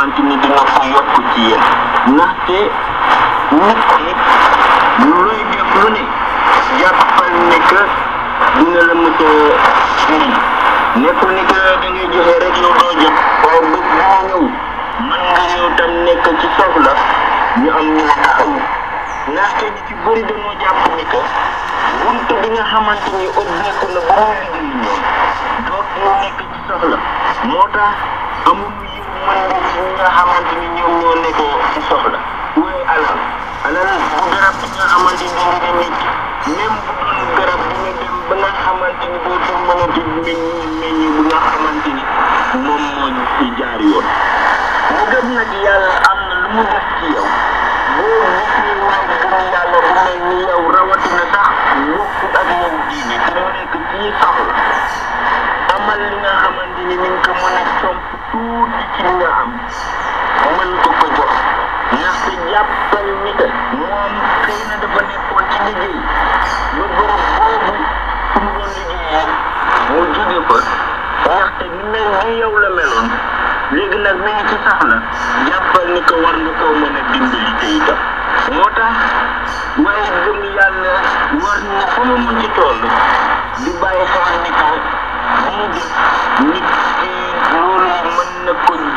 xamante ni dina ko yokk ci yéen ndaxte nit ki luy def lu ne jàppal ne que dina la mës a firi ni que da ngay joxe rek yow doo jot waaye bés boo ñëw mën tam nekk ci soxla ñu am ñu la taxaw ndaxte ñi ci bëri dañoo jàpp ni que bi nga xamante ni ubbeeku na ba mu wér ñoom dootuñu nekk ci soxla moo tax amuñu nag garab bi nga xamante ni tamit même bu doon garab dina dem ba nga xamante ni dootul mënati meññ meññ bu nga xamante ni moom moo ci jaar yoon. mu gëm nag yàlla am na lu mu def ci yow boo gis ni waay gëm yàlla bu mel ni yow rawatina sax bokkut ak yow diine te mu nekk ci soxla amal li nga xamante ni ni nga ko mën a somp tuuti ci li nga am. jàppal ni que moom xëy na dafa nekkoon ci liggéey ba bërëb boobu su mu doon liggéeyee mu jóge ko ndaxte ni mel ni yow la meloon léegi nag mi ci soxla jàppal ni que war nga koo mën a dimbali te itam moo tax waaye gëm yàlla war na fu mu mën ci toll di bàyyi xel ni ko mu def nit ki loolu mën na ko